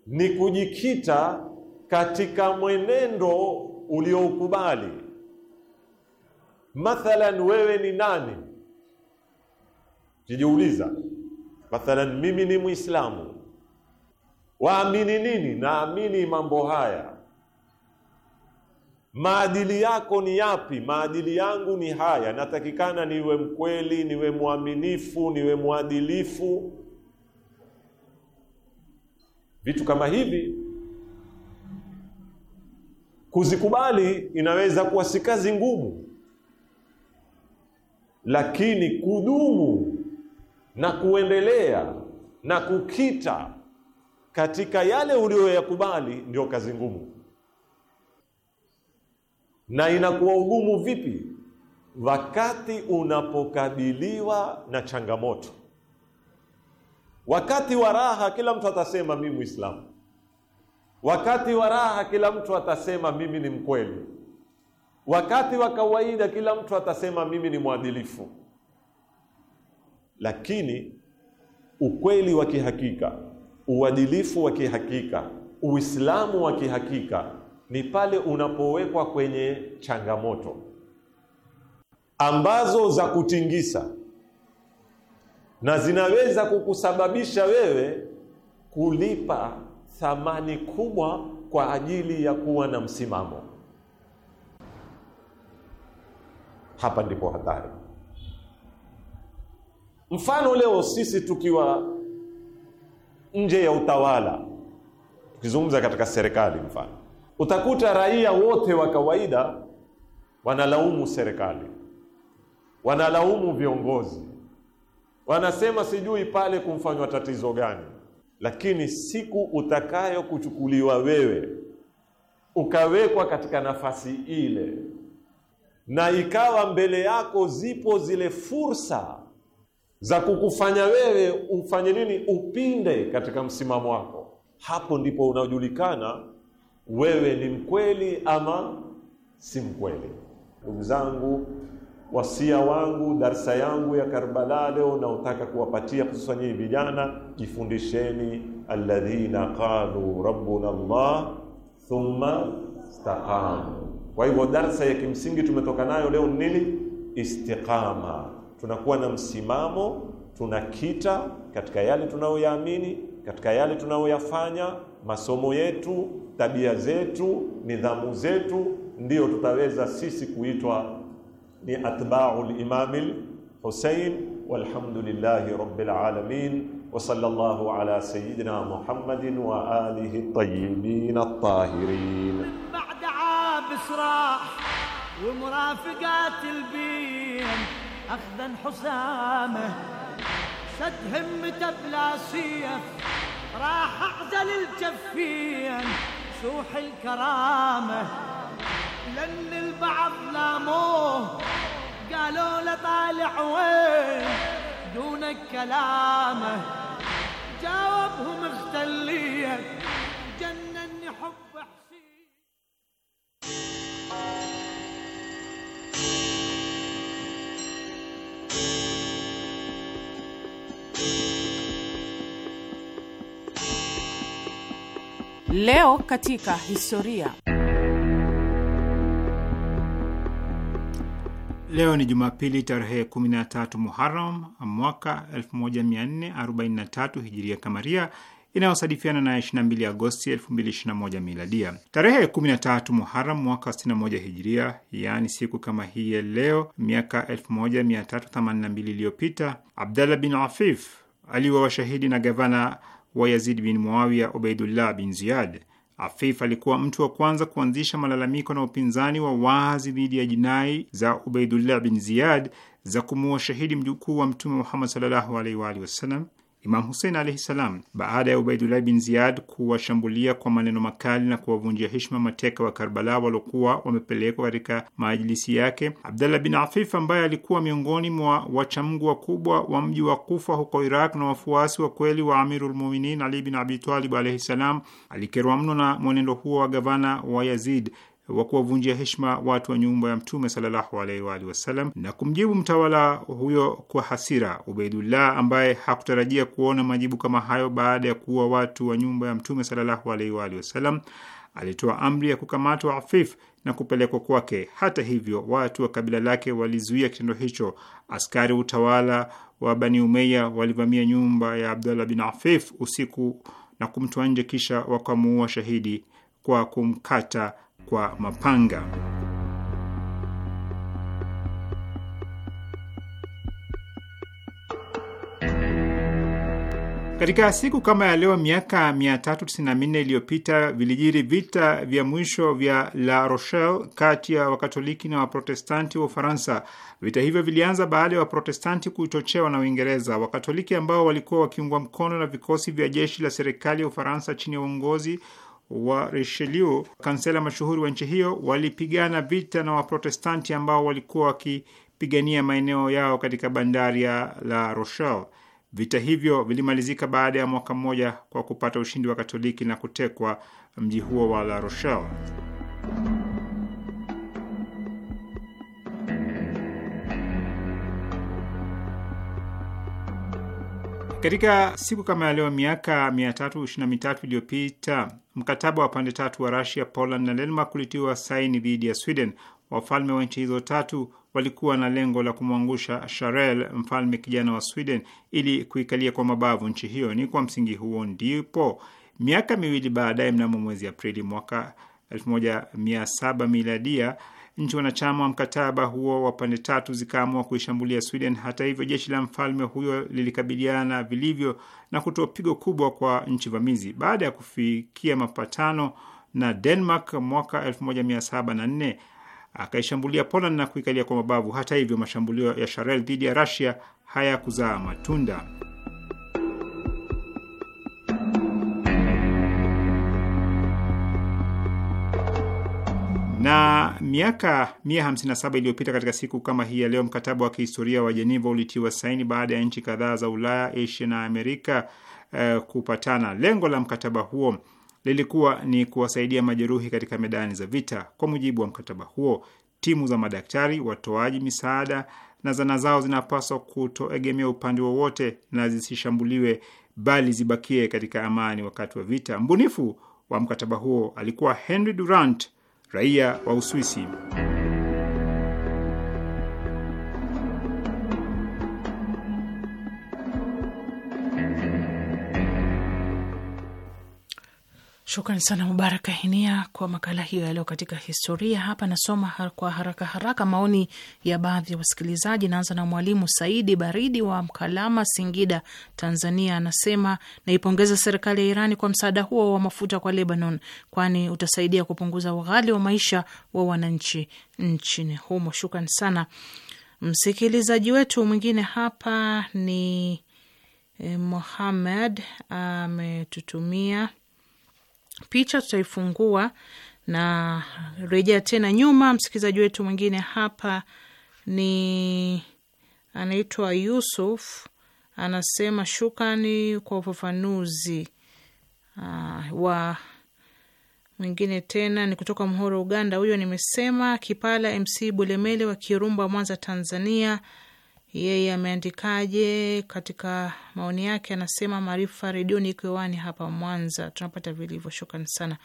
ni kujikita katika mwenendo ulioukubali. Mathalan, wewe ni nani? Kijiuliza, mathalan mimi ni Muislamu, waamini nini? Naamini mambo haya Maadili yako ni yapi? Maadili yangu ni haya, natakikana niwe mkweli, niwe mwaminifu, niwe mwadilifu. Vitu kama hivi kuzikubali inaweza kuwa si kazi ngumu, lakini kudumu na kuendelea na kukita katika yale uliyoyakubali ndio kazi ngumu na inakuwa ugumu vipi? Wakati unapokabiliwa na changamoto. Wakati wa raha kila mtu atasema mimi Muislamu, wakati wa raha kila mtu atasema mimi ni mkweli, wakati wa kawaida kila mtu atasema mimi ni mwadilifu. Lakini ukweli wa kihakika, uadilifu wa kihakika, Uislamu wa kihakika ni pale unapowekwa kwenye changamoto ambazo za kutingisa na zinaweza kukusababisha wewe kulipa thamani kubwa kwa ajili ya kuwa na msimamo. Hapa ndipo hatari. Mfano, leo sisi tukiwa nje ya utawala, tukizungumza katika serikali, mfano Utakuta raia wote wa kawaida wanalaumu serikali, wanalaumu viongozi, wanasema sijui pale kumfanywa tatizo gani, lakini siku utakayokuchukuliwa wewe ukawekwa katika nafasi ile na ikawa mbele yako zipo zile fursa za kukufanya wewe ufanye nini, upinde katika msimamo wako, hapo ndipo unajulikana wewe ni mkweli ama si mkweli. Ndugu zangu, wasia wangu, darsa yangu ya Karbala leo naotaka kuwapatia hususan nyinyi vijana, jifundisheni alladhina qalu rabbuna Allah thumma istaqamu. Kwa hivyo darsa ya kimsingi tumetoka nayo leo ni nini? Istiqama. Tunakuwa na msimamo, tunakita katika yale tunayoyaamini, katika yale tunayoyafanya masomo yetu, tabia zetu, nidhamu zetu, ndiyo tutaweza sisi kuitwa ni atba'u al imamil Hussein. Walhamdulillahi rabbil alamin wa sallallahu ala sayyidina Muhammadin wa alihi at-tayyibin at-tahirin. Ba'da 'ab israh wa murafaqat al-bin akhdan husama sad himmata bla siyaf راح أعزل الجفين سوح الكرامة لأن البعض لاموه قالوا له طالع وين دونك كلامه جاوبهم اختليت جنني حب حسين Leo katika historia. Leo ni Jumapili tarehe 13 Muharam mwaka 1443 hijiria kamaria inayosadifiana na 22 Agosti 2021 miladia. Tarehe 13 Muharam mwaka 61 hijiria, yaani siku kama hii ya leo miaka 1382 iliyopita, Abdallah bin Afif aliwa washahidi na gavana wa Yazid bin Muawiya, Ubaidullah bin Ziyad. Afif alikuwa mtu wa kwanza kuanzisha malalamiko na upinzani wa wazi dhidi ya jinai za Ubaidullah bin Ziyad za kumuua shahidi mjukuu wa Mtume Muhammad sallallahu alaihi wa alihi wasallam Imam Husein alaihi salam, baada ya Ubaidullah bin Ziyad kuwashambulia kwa maneno makali na kuwavunjia heshima mateka wa Karbala waliokuwa wamepelekwa katika maajilisi yake, Abdallah bin Afif ambaye alikuwa miongoni mwa wachamgu wakubwa wa mji wa Kufa huko Iraq na wafuasi wa kweli wa Amirulmuminin Ali bin Abitalib alaihi salam, alikerwa mno na mwenendo huo wa gavana wa Yazid wa kuwavunjia heshima watu wa nyumba ya Mtume sallallahu alaihi wa alihi wasallam na kumjibu mtawala huyo kwa hasira. ubaidullah ambaye hakutarajia kuona majibu kama hayo baada ya kuua watu wa nyumba ya Mtume sallallahu alaihi wa alihi wasallam alitoa amri ya kukamatwa Afif na kupelekwa kwake. Hata hivyo, watu wa kabila lake walizuia kitendo hicho. Askari utawala wa Bani Umeya walivamia nyumba ya Abdullah bin Afif usiku na kumtoa nje, kisha wakamuua shahidi kwa kumkata kwa mapanga. Katika siku kama ya leo miaka 394 iliyopita vilijiri vita vya mwisho vya La Rochelle kati ya Wakatoliki na Waprotestanti wa Ufaransa. Vita hivyo vilianza baada ya Waprotestanti kuchochewa na Uingereza. Wakatoliki ambao walikuwa wakiungwa mkono na vikosi vya jeshi la serikali ya Ufaransa chini ya uongozi wa Richelieu, kansela mashuhuri wa nchi hiyo, walipigana vita na Waprotestanti ambao walikuwa wakipigania maeneo yao katika bandari ya La Rochelle. Vita hivyo vilimalizika baada ya mwaka mmoja kwa kupata ushindi wa Katoliki na kutekwa mji huo wa La Rochelle. Katika siku kama ya leo miaka 323 iliyopita mkataba wa pande tatu wa Russia, Poland na Denmark ulitiwa saini dhidi ya Sweden. Wafalme wa nchi hizo tatu walikuwa na lengo la kumwangusha Sharel, mfalme kijana wa Sweden, ili kuikalia kwa mabavu nchi hiyo. Ni kwa msingi huo ndipo miaka miwili baadaye, mnamo mwezi Aprili mwaka 1700 miladia nchi wanachama wa mkataba huo wa pande tatu zikaamua kuishambulia Sweden. Hata hivyo, jeshi la mfalme huyo lilikabiliana vilivyo na kutoa pigo kubwa kwa nchi vamizi. Baada ya kufikia mapatano na Denmark mwaka 1704 akaishambulia Poland na kuikalia kwa mabavu. Hata hivyo, mashambulio ya Sharel dhidi ya Russia hayakuzaa matunda. Na miaka 157 iliyopita katika siku kama hii ya leo, mkataba wa kihistoria wa jeniva ulitiwa saini baada ya nchi kadhaa za Ulaya, Asia na Amerika eh, kupatana. Lengo la mkataba huo lilikuwa ni kuwasaidia majeruhi katika medani za vita. Kwa mujibu wa mkataba huo, timu za madaktari, watoaji misaada na zana zao zinapaswa kutoegemea upande wowote na zisishambuliwe, bali zibakie katika amani wakati wa vita. Mbunifu wa mkataba huo alikuwa Henry Durant raia wa Uswisi. shukran sana Mubaraka Hinia kwa makala hiyo yaliyo katika historia. Hapa nasoma har kwa haraka haraka maoni ya baadhi ya wasikilizaji. Naanza na Mwalimu Saidi Baridi wa Mkalama, Singida, Tanzania. Anasema naipongeza serikali ya Irani kwa msaada huo wa mafuta kwa Lebanon, kwani utasaidia kupunguza ughali wa maisha wa wananchi nchini humo. shukran sana msikilizaji wetu. Mwingine hapa ni eh, Mohamed ametutumia ah, picha tutaifungua na rejea tena nyuma. Msikilizaji wetu mwingine hapa ni anaitwa Yusuf, anasema shukrani kwa ufafanuzi uh, wa mwingine tena ni kutoka Mhoro, Uganda. Huyo nimesema Kipala MC Bulemele wa Kirumba, Mwanza, Tanzania. Yeye ameandikaje katika maoni yake? Anasema Maarifa Redio niko hewani hapa Mwanza, tunapata vilivyo. Shukrani sana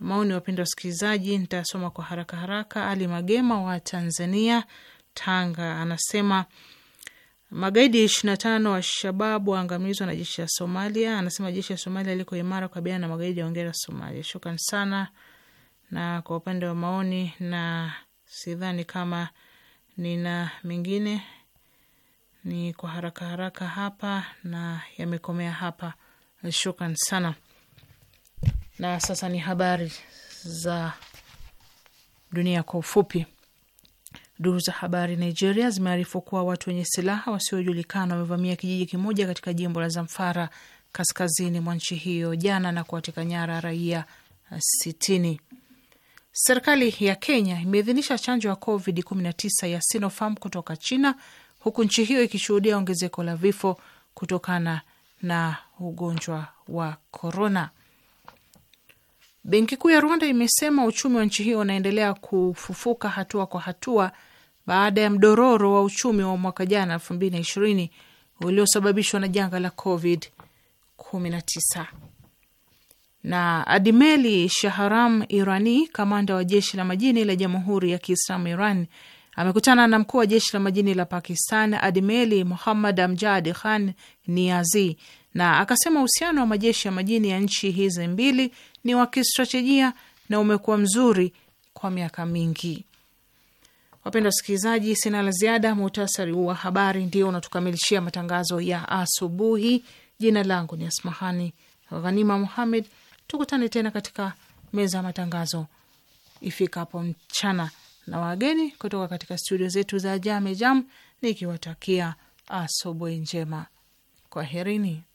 maoni, wapenda wasikilizaji, nitasoma kwa haraka haraka. Ali Magema wa Tanzania, Tanga, anasema magaidi ishirini na tano wa shababu waangamizwa na jeshi la Somalia. Anasema jeshi la Somalia liko imara kukabiliana na magaidi ya ongera Somalia. Shukrani sana. Na kwa upande wa maoni, na sidhani kama nina mengine ni kwa haraka haraka hapa na yamekomea hapa. Shukran sana. Na sasa ni habari za dunia kwa ufupi. Duru za habari Nigeria zimearifu kuwa watu wenye silaha wasiojulikana wamevamia kijiji kimoja katika jimbo la Zamfara kaskazini mwa nchi hiyo jana na kuwateka nyara raia sitini. Serikali ya Kenya imeidhinisha chanjo ya COVID 19 ya Sinopharm kutoka China huku nchi hiyo ikishuhudia ongezeko la vifo kutokana na ugonjwa wa korona. Benki Kuu ya Rwanda imesema uchumi wa nchi hiyo unaendelea kufufuka hatua kwa hatua baada ya mdororo wa uchumi wa mwaka jana elfu mbili na ishirini uliosababishwa na janga la Covid 19. Na Adimeli Shaharam Irani, kamanda wa jeshi la majini la Jamhuri ya Kiislamu Iran, amekutana na mkuu wa jeshi la majini la Pakistan Admeli Muhammad Amjad Khan Niazi na akasema uhusiano wa majeshi ya majini ya nchi hizi mbili ni wa kistratejia na umekuwa mzuri kwa miaka mingi. Wapenda wasikilizaji, sina la ziada. Muhtasari wa habari ndio unatukamilishia matangazo ya asubuhi. Jina langu ni Asmahani Ghanima Muhamed. Tukutane tena katika meza ya matangazo ifikapo mchana na wageni kutoka katika studio zetu za Jame Jam, nikiwatakia asubuhi njema. Kwaherini.